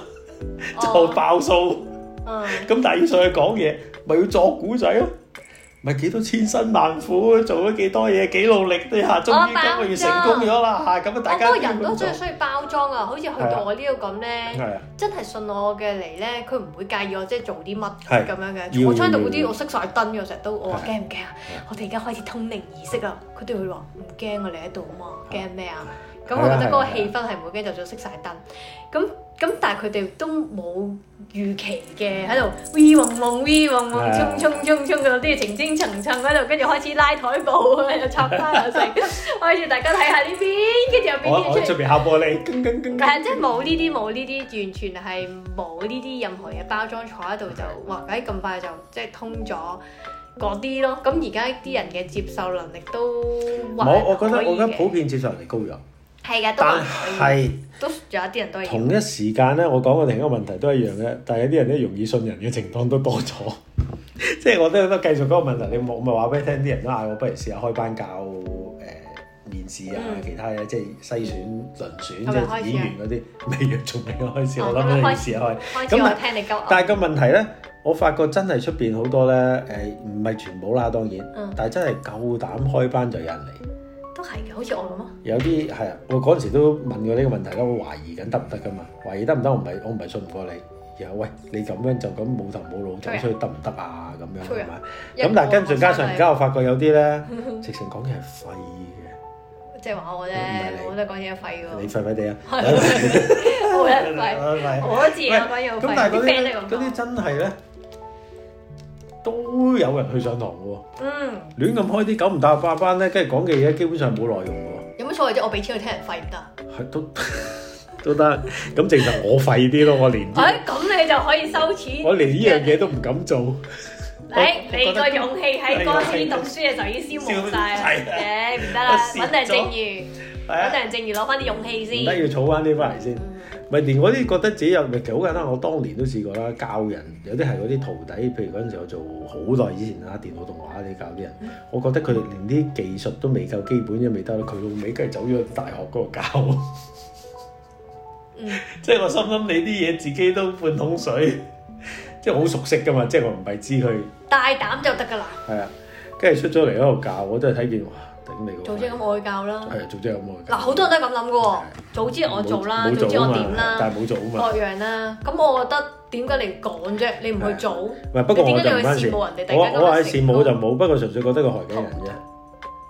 就爆數。咁、oh, um. 但係要上去講嘢，咪、就是、要作古仔咯？唔係幾多千辛萬苦，做咗幾多嘢，幾努力啲嚇，終於今個月成功咗啦嚇！咁啊，大家都咁做。我個人都真係需要包裝啊，好似去到我呢度咁咧，的真係信我嘅嚟咧，佢唔會介意我即係做啲乜咁樣嘅。我喺度嗰啲，怕怕的我熄晒燈嘅，成日都我話驚唔驚啊？我哋而家開始通靈儀式啦，佢哋會話唔驚啊，嚟喺度啊嘛，驚咩啊？咁我覺得嗰個氣氛係唔會跟住就熄晒燈。咁咁但係佢哋都冇預期嘅喺度，喂嗡嗡，喂嗡嗡，衝衝衝衝嗰啲層層層層喺度，跟住開始拉台布啊，又拆啊，又成，開始大家睇下呢邊，跟住又變咗出嚟。我我出邊敲玻璃，叮叮叮。但係即係冇呢啲，冇呢啲，完全係冇呢啲任何嘢包裝坐喺度就，哇！咁快就即係通咗嗰啲咯。咁而家啲人嘅接受能力都冇，我覺得我覺得普遍接受能力高咗。係噶，都係。是都有啲人都同一時間咧，我講過另一個問題都一樣嘅，但係啲人咧容易信人嘅情況都多咗。 即係我都繼續嗰個問題，你我咪話俾你聽，啲人都嗌我，不如試下開班教誒、呃、面試啊，其他嘢即係篩選、輪選、演、嗯、員嗰啲，未、啊，仲未開始，嗯、我諗你試下開。咁啊，但係個問題咧，我發覺真係出邊好多咧，誒唔係全部啦，當然，嗯、但係真係夠膽開班就有人嚟。都係嘅，好似我咁咯。有啲係啊，我嗰時都問過呢個問題啦，我懷疑緊得唔得噶嘛？懷疑得唔得？我唔係我唔係信唔過你。有喂，你咁樣就咁冇頭冇腦走出去得唔得啊？咁樣係咪？咁但係跟住加上而家我發覺有啲咧，直情講嘅係廢嘅。即係話我啫，我覺得講嘢廢嘅。你廢唔廢地啊？好廢，我一次講嘢好廢。咁但係嗰啲嗰啲真係咧。都有人去上堂嘅喎，嗯，亂咁開啲，九唔搭八班咧，跟住講嘅嘢基本上冇內容嘅喎。有乜所謂啫？我俾錢去聽人廢唔得？係都都得，咁淨係我廢啲咯，我連，哎，咁你就可以收錢，我連呢樣嘢都唔敢做。你你個勇氣喺嗰次讀書嘅時候已經消磨曬，誒唔得啦，揾啲人剩餘，揾啲人剩餘攞翻啲勇氣先，唔得要儲翻啲翻嚟先。咪連嗰啲覺得自己有力，其實好簡單。我當年都試過啦，教人有啲係嗰啲徒弟，譬如嗰陣時我做好耐以前啦，電腦動畫啲教啲人。我覺得佢哋連啲技術都未夠基本，都未得咯。佢老味，梗係走咗去大學嗰度教。 嗯，即係我心諗你啲嘢自己都半桶水，即係好熟悉噶嘛，即係我唔係知佢。大膽就得噶啦。係啊，跟住出咗嚟喺度教，我真係睇見早知咁我去教啦，係早知咁我。嗱，好多人都係咁諗噶喎，早知我做啦，早知我點啦，但係冇做，學樣啦。咁我覺得點解你講啫？你唔去做？唔係不過點解你又去羨慕人哋？我我係羨慕就冇，不過純粹覺得佢害緊人啫。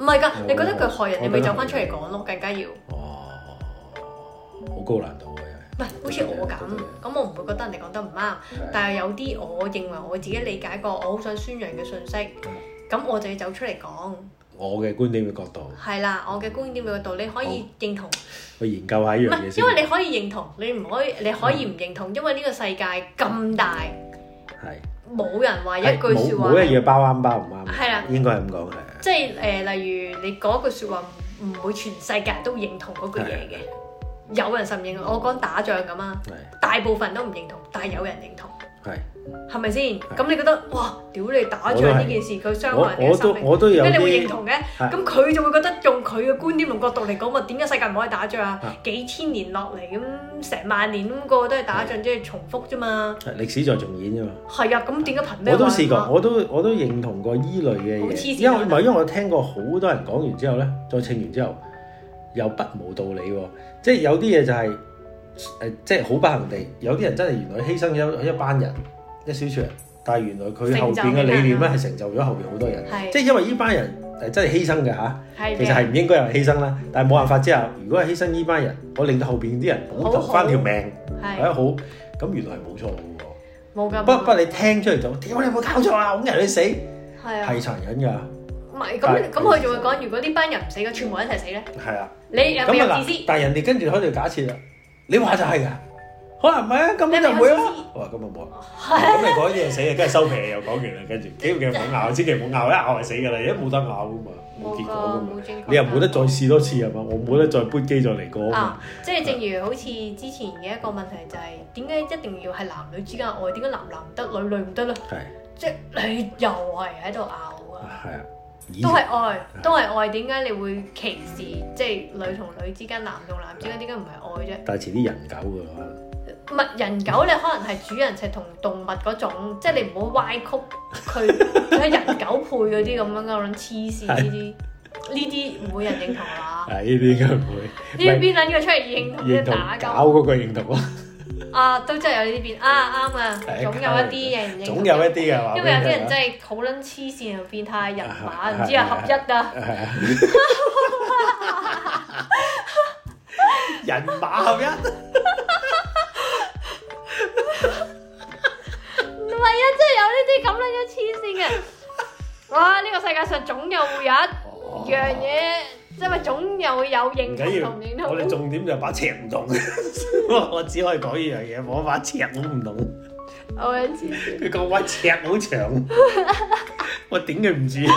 唔係㗎，你覺得佢害人，你咪走翻出嚟講咯，更加要。哇！好高難度喎，又係。唔係好似我咁，咁我唔會覺得人哋講得唔啱，但係有啲我認為我自己理解過，我好想宣揚嘅信息，咁我就要走出嚟講。我嘅觀點嘅角度係啦，我嘅觀點嘅角度，你可以認同去研究下一樣嘢先。唔係，因為你可以認同，你唔可以，你可以唔認同，因為呢個世界咁大，係冇人話一句説話冇一樣包啱包唔啱，係啦，應該係咁講嘅。即係誒，例如你講一句説話，唔會全世界人都認同嗰句嘢嘅，有人認同。我講打仗咁啊，大部分都唔認同，但係有人認同。係。係咪先咁？的你覺得哇，屌你打仗呢件事，佢傷害人嘅生命，咩你會認同嘅？咁佢的就會覺得用佢嘅觀點同角度嚟講，話點解世界唔可以打仗啊？的幾千年落嚟，咁成萬年，咁個個都係打仗，的即係重複啫嘛。歷史在重演啫嘛。係啊，咁點解憑咩我都試過，我都我都認同過依類嘅嘢，因為我聽過好多人講完之後咧，再稱完之後又不無道理，即係有啲嘢就係誒，即係好不幸地，有啲人真係原來犧牲咗一班人。一小撮人，但係原來佢後邊嘅理念咧係成就咗後邊好多人，即係因為呢班人誒真係犧牲嘅嚇，其實係唔應該有人犧牲啦，但係冇辦法之後，如果係犧牲呢班人，我令到後邊啲人保住翻條命，係啊，好，咁原來係冇錯喎，冇噶。不過不過你聽出嚟就，天，你有冇搞錯啊？揾人去死係殘忍㗎。唔係，咁咁佢就會講，如果呢班人唔死嘅，全部一齊死咧。係啊，你有冇自私？但係人哋跟住喺度假設啦，你話就係㗎。可能唔係啊，咁你就唔會啦。哇，咁就冇啊，咁你講啲嘢死啊，跟住收皮又講完啦，跟住千祈唔好拗，千祈唔好拗，一拗係死㗎啦，而家冇得拗噶嘛，結果你又冇得再試多次係嘛？我冇得再搬機再嚟過。即係正如好似之前嘅一個問題就係點解一定要係男女之間愛？點解男男唔得，女女唔得咧？即係你又係喺度拗㗎，都係愛，都係愛，點解你會歧視？即係女同女之間，男同男之間，點解點解唔係愛啫？但係遲啲人狗㗎。物人狗你可能係主人就同動物嗰種，即係你唔好歪曲佢。人狗配嗰啲咁樣嗰種黐線呢啲，呢啲唔會人認同啦。係呢啲應該唔會。呢邊撚個出嚟認同打狗，認同搞嗰個認同咯、啊。 啊，都真係有呢啲變啊，啱啊，總有一啲認唔認。總有一啲係嘛？因為有啲人真係好撚黐線又變態人馬，唔 知又道的合一啊！ 人馬合一。有呢啲咁樣嘅黐線嘅，哇！呢個世界上總有一樣嘢，即係咪總又會有認同同點？我哋重點就係把尺唔同，我只可以講呢樣嘢，我把尺都唔同。我好黐線。佢個把尺好長，我頂佢唔住？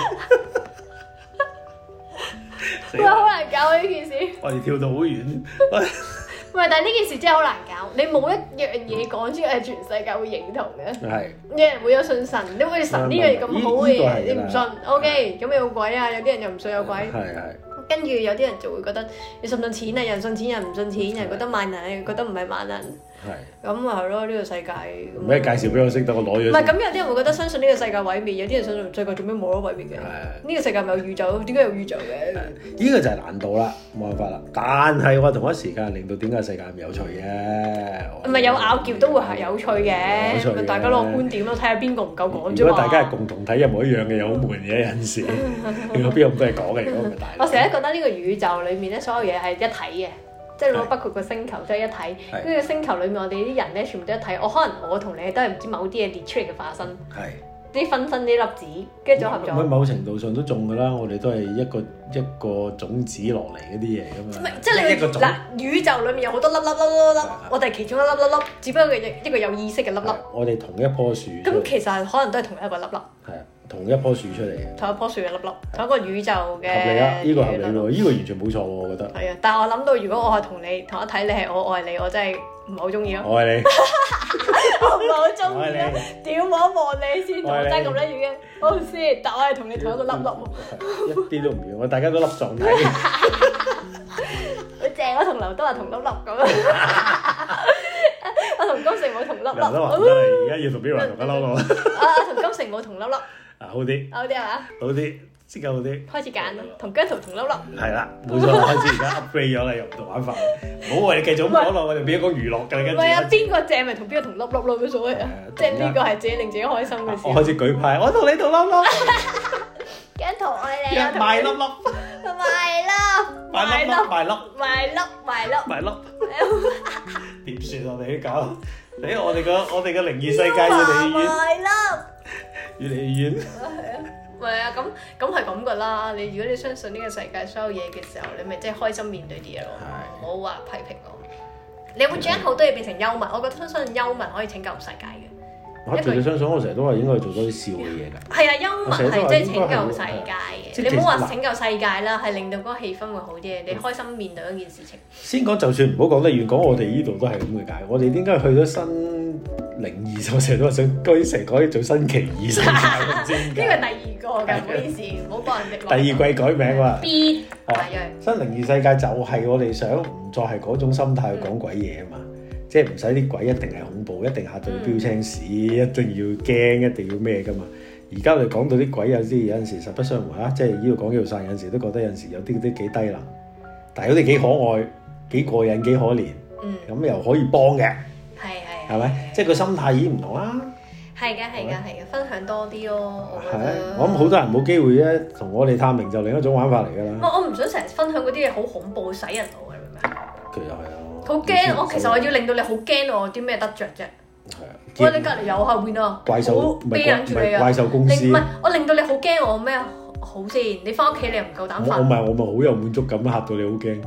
我好難搞呢件事。我哋跳到好遠。喂，但係呢件事真係好難搞，你冇一樣嘢講出嚟，全世界會認同嘅。係的，啲人、yeah，會有信神，神你會神呢樣咁好嘅嘢，你唔信。OK，有咩有鬼啊？有啲人又唔信有鬼。係係。跟住有啲人就會覺得，你信唔信錢啊？人信錢，人唔信錢、啊，人的覺得萬能，覺得唔係萬能。係咁啊，係咯，呢個世界。唔、嗯、使介紹俾我識得，我攞嘢。唔係咁，有啲人會覺得相信呢個世界毀滅，有啲人相信最近做咩冇得毀滅嘅？呢、嗯、個世界咪有宇宙？點解有宇宙嘅？呢、嗯、這個就係難度啦，冇辦法啦。但係我同一時間令到點解世界咁有趣嘅？唔係有拗撬都會係有趣嘅。趣，大家攞個觀點咯，睇下邊個唔夠講啫嘛。如果大家係共同睇一模一樣嘅，又好悶嘅有陣時。邊有邊有咁多嘢講嘅？我成日覺得呢個宇宙裡面咧，所有嘢係一體嘅。即係包括個星球都，即係一體，跟住個星球裡面我哋啲人咧，全部都一體。我可能我同你都係唔知某啲嘢裂出嚟嘅化身，啲分身啲粒子跟住就合作。咁喺某程度上都中噶啦，我哋都係一個一個種子落嚟嗰啲嘢咁嘛。唔係，即係你嗱宇宙裡面有好多粒粒粒粒粒，是的 我哋其中一粒粒粒，只不過係一個有意識嘅粒粒。我哋同一棵樹。咁其實可能都係同一個粒粒。係啊。同一棵樹出嚟嘅，同一棵樹嘅粒粒，同一個宇宙嘅。合理啊，呢個合理喎，呢個完全冇錯喎，我覺得。係啊，但係我諗到，如果我係同你同一睇，你係我，我係你，我真係唔係好中意咯。我係你，我唔係好中意咯。屌我望你先，我真係咁樣已經，好先。但係我係同你同一個粒粒。一啲都唔要，我大家都粒狀睇。佢正我同劉德華同粒粒咁樣！我同金城武同粒粒。劉德華而家要同邊個同粒粒？我同金城武同粒粒。啊好啲，好啲嚇，好啲，即刻好啲。開始揀啦，同姜濤同粒粒。係啦，冇錯，開始而家 upgrade 咗啦，又唔同玩法。唔好話你繼續啊，粒粒我哋變一個娛樂㗎啦。唔係啊，邊個正咪同邊個同粒粒咯？咁所謂啊，即係呢個係自己令自己開心嘅事。我開始舉牌，我同你同粒粒。姜濤愛你，一埋粒粒，埋粒，埋粒，埋粒，埋粒，埋粒，埋粒。點算啊？你狗？誒、哎，我哋個我哋嘅靈異世界越嚟越遠， 越嚟越遠。係 啊，唔係啊，咁咁係咁噶啦。你如果你相信呢個世界所有嘢嘅時候，你咪即係開心面對啲嘢咯。唔好話批評我。你有冇將好多嘢變成幽默？我覺得相信幽默可以拯救世界嘅。我相信，我成日都話應該做多啲笑嘅嘢㗎。係啊，幽默係即係拯救世界嘅。你唔好話拯救世界啦，係令到嗰個氣氛會好啲，你開心面對一件事情。先講就算唔好講得如講我哋呢度都係咁嘅解。我哋點解去咗新靈異？我成日都話想居成改做新奇異世界。呢個第二個㗎，唔好意思，唔好幫人哋。第二季改名喎。B。新靈異世界就係我哋想唔再係嗰種心態去講鬼嘢啊嘛。即係唔使啲鬼一定係恐怖，一定嚇到你飆青屎，一定要驚，一定要咩㗎嘛？而家你哋講到啲鬼有啲有陣時實不相瞞啊，即係呢度講呢度散，有陣時都覺得有陣時有啲都幾低能，但係有啲幾可愛，幾過癮，幾可憐，嗯，咁又可以幫嘅，係係，係咪？即係個心態已經唔同啦，係嘅，係嘅，係㗎，分享多啲咯，哦，係啊的覺，我諗好多人冇機會咧，同我哋探明就另一種玩法嚟㗎啦。我唔想成日分享嗰啲嘢好恐怖，使人戇嘅。係咪啊？其實係啊。好驚！我其實我要令到你好驚我啲咩得著啫？我你隔離有後面啊！怪獸避諱住你啊！怪獸公司唔係我令到你好驚我咩好先？你翻屋企你又唔夠膽翻。我咪我咪好有滿足感啊！嚇到你好驚，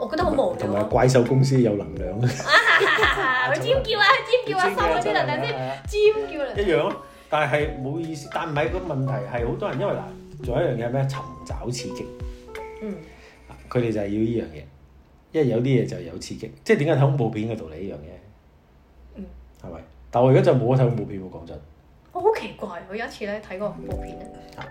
我覺得好無聊。同埋怪獸公司有能量啊！去尖叫啊！尖叫啊！收嗰啲能量先尖叫。一樣，但係冇意思。但唔係個問題係好多人因為嗱，仲有一樣嘢咩？尋找刺激。嗯。佢哋就係要呢樣嘢。因為有啲嘢就有刺激，即係點解睇恐怖片嘅道理呢樣嘢，嗯，係咪？但我而家就冇得睇恐怖片，講真。我好、哦、奇怪，我有一次咧睇過恐怖片咧、嗯啊，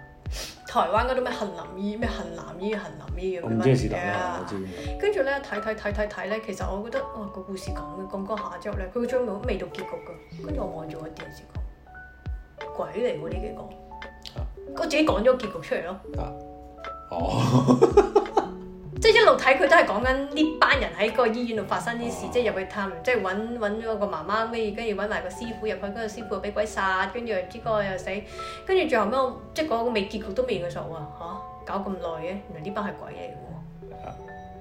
台灣嗰啲咩杏林醫、咩恆南醫、杏林醫咁樣嘅，跟住咧睇睇睇睇睇咧，其實我覺得哇、哦、個故事咁講講,講下之後咧，佢最後尾未到結局㗎，跟住我望咗電視局，鬼嚟喎呢幾個，啊啊、我自己講咗個結局出嚟咯。哦。即係一路睇佢都係講緊呢班人喺個醫院度發生啲事，即係入去探，即係搵搵咗個媽媽，跟跟住搵埋個師傅入去，跟住師傅俾鬼殺，跟住知個又死，跟住最後屘即係講個未結局都未嘅數啊，吓搞咁耐嘅，原來呢班係鬼嚟嘅，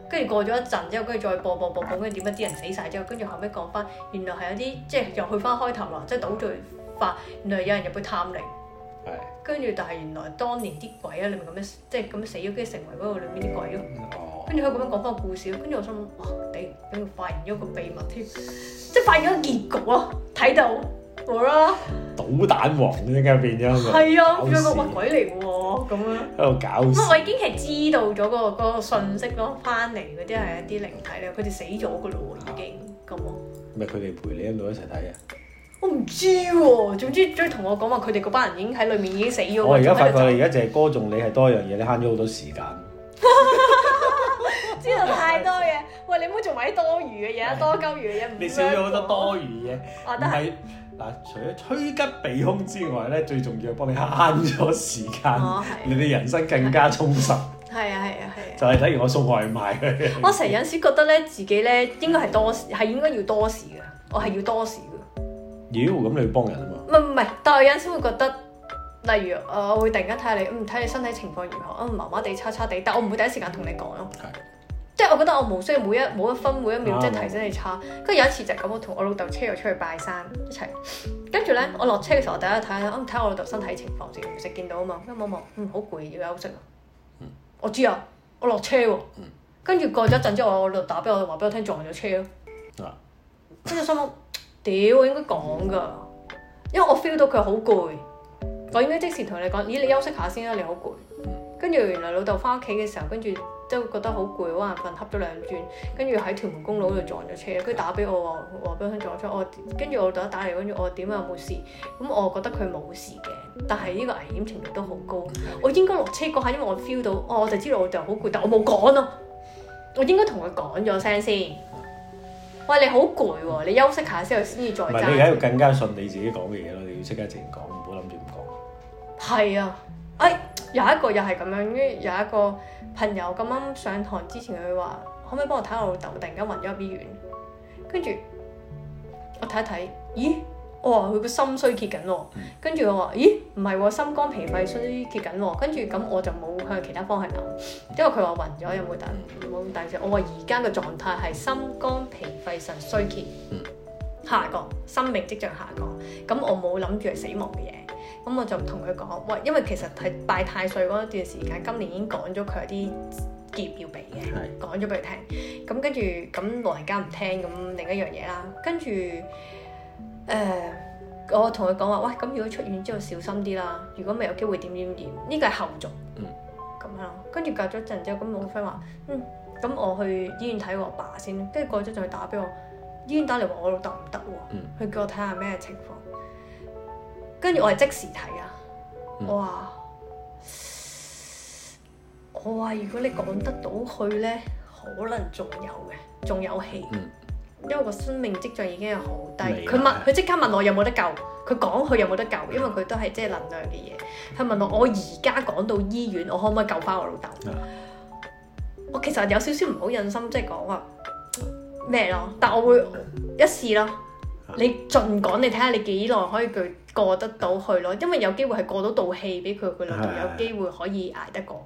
跟住過咗一陣之後，跟住再播播播播，跟住點解啲人死晒之後，跟住後尾講翻，原來係有啲即係又去翻開頭啦，即係倒敘法，原來有人入去探你。跟住，但係原來當年啲鬼啊，你咪咁樣即係咁樣死咗，跟住成為嗰個裏面啲鬼咯。跟住佢咁樣講翻個故事，跟住我心諗，哇！啲，佢發現咗個秘密添，即係發現咗個結局啊！睇到，好啦。搗蛋王點解變咗？係啊，變咗個鬼嚟喎，咁樣喺度搞事，我已經係知道咗個嗰個信息咯，翻嚟嗰啲係一啲靈體咧，佢哋死咗噶咯已經咁喎。咪佢哋陪你一路一齊睇啊！我唔知喎、哦，總之追同我講話，佢哋嗰班人已經喺裏面已經死咗。我而家發覺你你，而家淨係歌頌你係多一樣嘢，你慳咗好多時間。 知道太多嘢，喂，你唔好做埋啲多餘嘅嘢，的多鳩餘嘅嘢唔。你少咗好多多餘嘢。哦，但係嗱，除咗趨吉避凶之外咧，最重要幫你慳咗時間，哦、你哋人生更加充實。係啊係啊係啊！就係例如我送外賣。我成日有陣時覺得咧，自己咧應該係多係應該要多事嘅，我係要多事。妖咁、嗯、你去幫人啊嘛？唔係唔係，但有陣先會覺得，例如誒，我會突然間睇下你，嗯，睇你身體情況如何，嗯，麻麻地，差差地，但我唔會第一時間同你講咯。嗯嗯、即係我覺得我無需要每一每一分每一秒即係提醒你差。跟住、嗯、有一次就咁，我同我老豆車咗出去拜山一齊，跟住咧我落車嘅時候，我第一睇下，睇、嗯、我老豆身體情況時唔時見到啊嘛，跟住望望，嗯，好、嗯、攰，要休息。嗯、我知啊，我落車喎。跟住、嗯、過咗一陣之、嗯、後，我老豆打俾我，話俾我聽撞咗車咯。啊。跟住心屌，我應該講㗎，因為我 feel 到佢好攰，我應該即時同你講，咦你休息下先啊，你好攰。跟住原來老豆返屋企嘅時候，跟住都覺得好攰，彎下瞓瞌咗兩轉，跟住喺屯門公路度撞咗車，佢打俾我話話俾我撞咗車，我跟住我老豆打嚟，跟住我點啊，有冇事？咁、嗯、我覺得佢冇事嘅，但係呢個危險程度都好高，我應該落車嗰下，因為我 feel 到，我、哦、我就知道我就好攰，但我冇講咯，我應該同佢講咗聲先。喂，你好攰喎，你休息下先，我先至再講。唔係，你而家要更加順你自己講嘅嘢咯，你要即刻直講，唔好諗住唔講。係啊，哎，有一個又係咁樣，跟住有一個朋友咁啱上堂之前佢話：可唔可以幫我睇下我老豆？突然間暈咗入醫院，跟住我睇一睇，咦？哦，佢個心衰竭緊喎，跟住我話：咦，唔係喎，心肝脾肺衰竭緊喎。跟住咁我就冇向其他方向諗，因為佢話暈咗，有冇大冇咁大事。我話而家嘅狀態係心肝脾肺腎衰竭，下降，生命跡象下降。咁我冇諗住係死亡嘅嘢。咁我就同佢講：喂，因為其實係拜太歲嗰一段時間，今年已經講咗佢有啲劫要避嘅，講咗俾佢聽。咁跟住咁老人家唔聽，咁另一樣嘢啦，跟住。誒、呃，我同佢講話，喂，咁如果出院之後小心啲啦，如果未有機會點點點，呢個係後續、嗯。嗯。咁樣，跟住隔咗陣之後，咁老菲話，嗯，咁我去醫院睇我阿爸先，跟住過咗陣佢打俾我，醫院打嚟話我老豆唔得喎，佢、嗯、叫我睇下咩情況，跟住我係即時睇啊，我話，嗯、我話如果你講得到佢呢，嗯、可能仲有嘅，仲有氣。嗯。因為個生命跡象已經係好低，佢來問佢即刻問我有冇得救，佢講佢有冇得救，因為佢都係即係能量嘅嘢。佢問我：我而家講到醫院，我可唔可以救翻我老豆？的我其實有少少唔好忍心，即係講話咩咯，但係我會一試咯。的你盡講，你睇下你幾耐可以佢過得到去咯，因為有機會係過到道氣俾佢，佢老豆的有機會可以捱得過。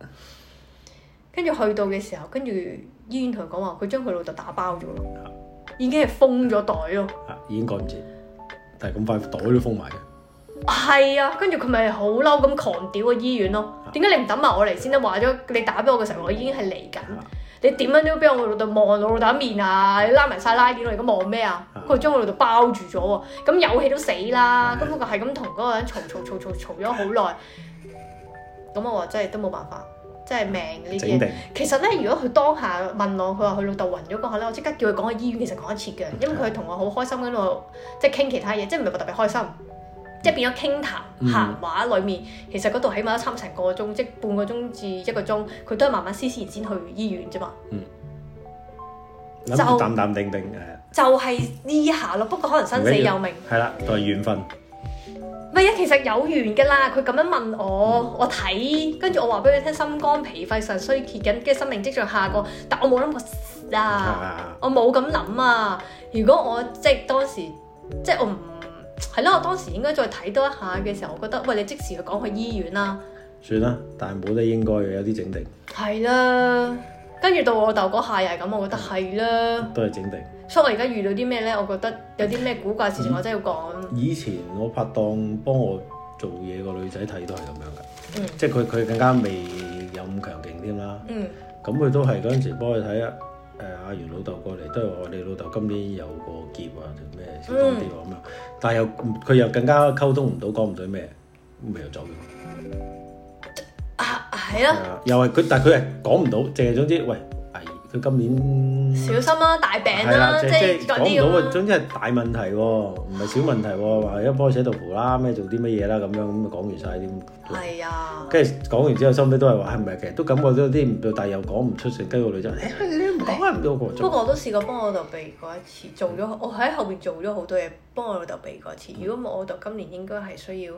跟住去到嘅時候，跟住醫院同佢講話，佢將佢老豆打包咗。已經係封咗袋咯、啊，已經趕唔切，但係咁快袋都封埋嘅，係啊，跟住佢咪好嬲咁狂屌個醫院咯，點解你唔等埋我嚟先啊？話咗你，你打俾我嘅時候，我已經係嚟緊，啊、你點樣都要俾我老豆望我老豆面啊？你拉埋晒拉鏈，我而家望咩啊？佢將我老豆包住咗喎，咁有氣都死啦，咁佢係咁同嗰個人嘈嘈嘈嘈嘈咗好耐，咁的我話真係都冇辦法。即係命呢啲，整定其實咧，如果佢當下問我，佢話佢老豆暈咗嗰下咧，我即刻叫佢講去醫院，其實講一次嘅，因為佢同我好開心喺度、嗯，即係傾其他嘢，即係唔係話特別開心，嗯、即係變咗傾談閒話。裡面、嗯、其實嗰度起碼都差唔多成個鐘，嗯、即係半個鐘至一個鐘，佢都係慢慢斯斯然先去醫院啫嘛。嗯。就淡淡定定誒。就係呢下咯，不過可能生死有命。係啦、嗯，都係緣分。嗯嗯嗯嗯嗯嗯唔係啊，其實有緣㗎啦。佢咁樣問我，我睇，跟住我話俾你聽心肝脾肺腎衰竭緊，嘅生命跡象下降。但我冇諗過啊，我冇咁諗啊。如果我即係當時，即係我唔係咯，我當時應該再睇多一下嘅時候，我覺得喂，你即時去講去醫院啦。算啦，但係冇得應該嘅，有啲整定。係啦。跟住到我老豆嗰下又係咁，我覺得係啦，都係整定。所以我而家遇到啲咩咧，我覺得有啲咩古怪事情，我真係要講。以前我拍檔幫我做嘢個女仔睇都係咁樣嘅，嗯、即係佢佢更加未有咁強勁添啦。咁佢、嗯、都係嗰陣時幫佢睇啊，誒阿源老豆過嚟，都係我哋老豆今年有個劫啊，條咩小心啲咁啊，但係又佢又更加溝通唔到，講唔到咩，唔係要走咗。係咯，又係佢，但係佢係講唔到，淨係總之，喂，佢、哎、今年小心啦、啊，大病啦，即係講唔到啊，總之係大問題喎、啊，唔係小問題喎、啊，話的一幫佢寫道符啦，咩做啲乜嘢啦，咁樣咁咪講完曬啲。係啊的，跟住講完之後，心尾都係話，係咪係？其實都感覺到啲唔到，但又講唔出聲。跟個女仔的、哎，你都唔講係唔到個。不過的我都試過幫我老豆避過一次，做咗，我喺後邊做咗好多嘢，幫我老豆避過一次。如果冇我老豆，今年應該係需要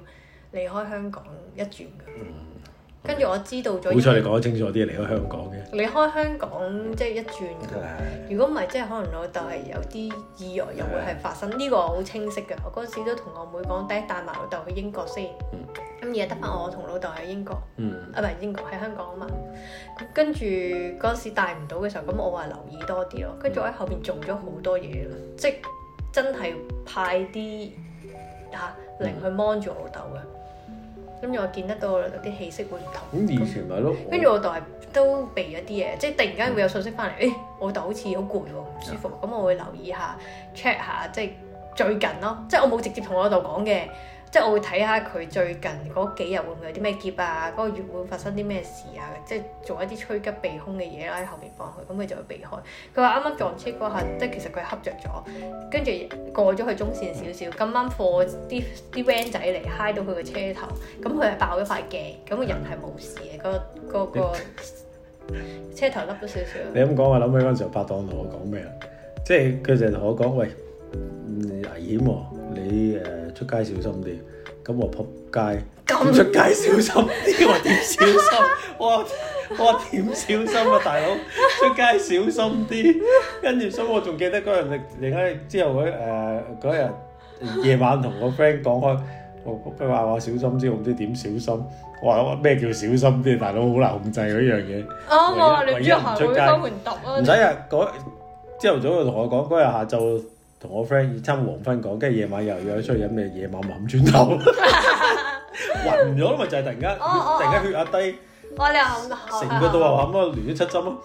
離開香港一轉嘅。嗯跟住我知道咗。好彩你講得清楚啲啊！離開香港嘅，離開香港即係、嗯、一轉嘅。嗯、如果唔係，即、就、係、是、可能老豆係有啲意外又會係發生。呢、嗯、個好清晰嘅。我嗰陣時都同我妹講，第一帶埋老豆去英國先。咁、嗯、而家得翻我同老豆喺英國。嗯、啊，咪？英國喺香港啊嘛。跟住嗰陣時帶唔到嘅時候，咁我話留意多啲咯。跟住、嗯、我喺後邊做咗好多嘢咯，嗯、即真係派啲嚇嚟去望住我老豆嘅。跟住我見得到啲氣息會唔同，跟住我就係都避咗啲嘢，即係突然間會有訊息翻嚟，誒、哎，老豆好似好攰喎，唔舒服，咁、嗯、我會留意下 check 下，即係最近咯，即係我冇直接同我老豆講嘅。即係我會睇下佢最近嗰幾日會唔會有啲咩劫啊，嗰個月會發生啲咩事啊，即係做一啲趨吉避凶嘅嘢啦，喺後面放佢，咁佢就會避開。佢話啱啱撞車嗰下，即係其實佢係瞌著咗，跟住過咗去中線少少，咁啱貨啲啲 van 仔嚟嗨到佢個車頭，咁佢係爆咗塊鏡，咁個人係冇事嘅，個個個車頭凹咗少少。你咁講，我諗起嗰陣時候拍檔同我講咩啊？即係佢就同我講：喂，危險啊，你誒。Uh, 出街小心啲，咁我仆街，唔樣出街小心啲，我點小心？我我點小心啊，大佬出街小心啲。跟住所以我我，我仲記得嗰日另另外之後嗰嗰日夜晚同個 friend 講開，佢話我小心啲，我唔知點小心。我話咩叫小心啲大佬，好難控制嗰樣嘢。哦，我話你之後唔出街，唔使啊。嗰朝頭早就同我講，嗰日下晝。同我 friend 差唔多黃昏講，跟住夜晚又約咗出去飲咩夜晚冇冚轉頭，暈咗咯，咪就係突然間，突然間血壓低，我哋啊，成個都話冚啊，亂咗七針咯，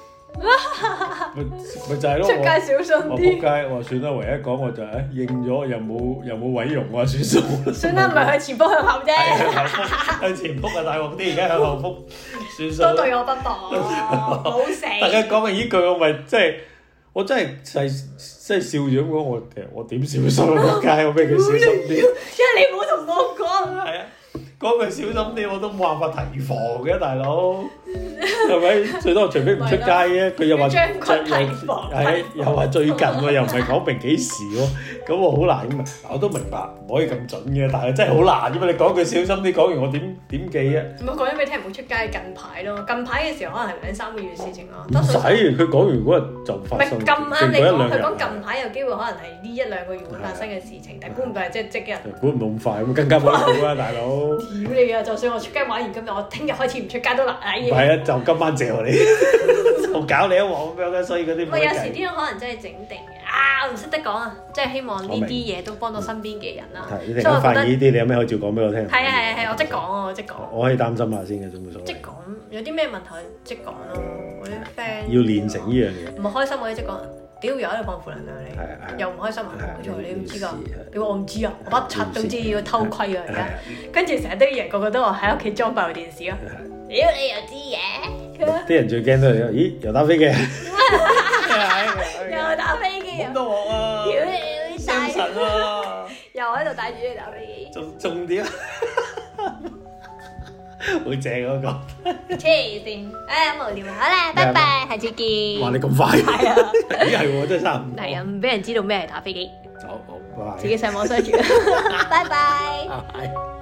咪咪就係咯，出街小心啲。我仆街，我話算啦，唯一講我就係認咗，又冇又冇毀容啊，算數。算啦，唔係向前仆向後啫，向前仆啊，大鑊啲而家向後仆，算數。都對我不薄，好死。大家講明呢句，我咪即係，我真係就係。真係笑住咁講，我誒我點小心啊？街、啊、我俾佢小心啲，因為你唔好同我講，係啊，講佢小心啲我都冇辦法提防嘅，大佬。係咪最多除非唔出街啫？佢又話最近，係又話最近喎，又唔係講明幾時喎？咁我好難噶嘛。我都明白，唔可以咁準嘅，但係真係好難噶嘛。你講句小心啲，講完我點點記啊？唔係講咗俾你聽，唔好出街，近排咯，近排嘅時候可能係兩三個月嘅事情咯。唔使，佢講完嗰日就發生。唔係咁啱你講，佢講近排有機會可能係呢一兩個月會發生嘅事情，但係估唔到係即即日。估唔到咁快，咁更加唔好啦，大佬。屌你啊！就算我出街玩完今日，我聽日開始唔出街都難。係啊，就今晚借你，就搞你一鑊咁樣，所以啲唔係，有時啲人可能真係整定嘅啊，唔識得講啊，即係希望呢啲嘢都幫到身邊嘅人啦。係，你突然間啲，你有咩可以照講俾我聽？係啊係啊係，我即講我即講。我可以擔心下先嘅，都冇所謂。即講有啲咩問題即講咯，我啲 friend 要練成依樣嘢。唔開心嗰啲即講，屌又喺度放負能量啊你，又唔開心啊，你唔知㗎，你話我唔知啊，我北七都知要偷窺啊而家，跟住成日啲人個個都喺屋企裝爆電視咯。屌你又知嘅，啲人最驚都係，咦又打飛機，又打飛機，咁多鑊啊？小心啊！又喺度帶住你打飛機，重中屌，好正嗰個，黐線，唉無聊啊，好啦，拜拜，下次見。哇你咁快啊？咦係喎，真係差唔多。係啊，唔俾人知道咩係打飛機。好，拜拜。自己上網 search。拜拜。拜拜。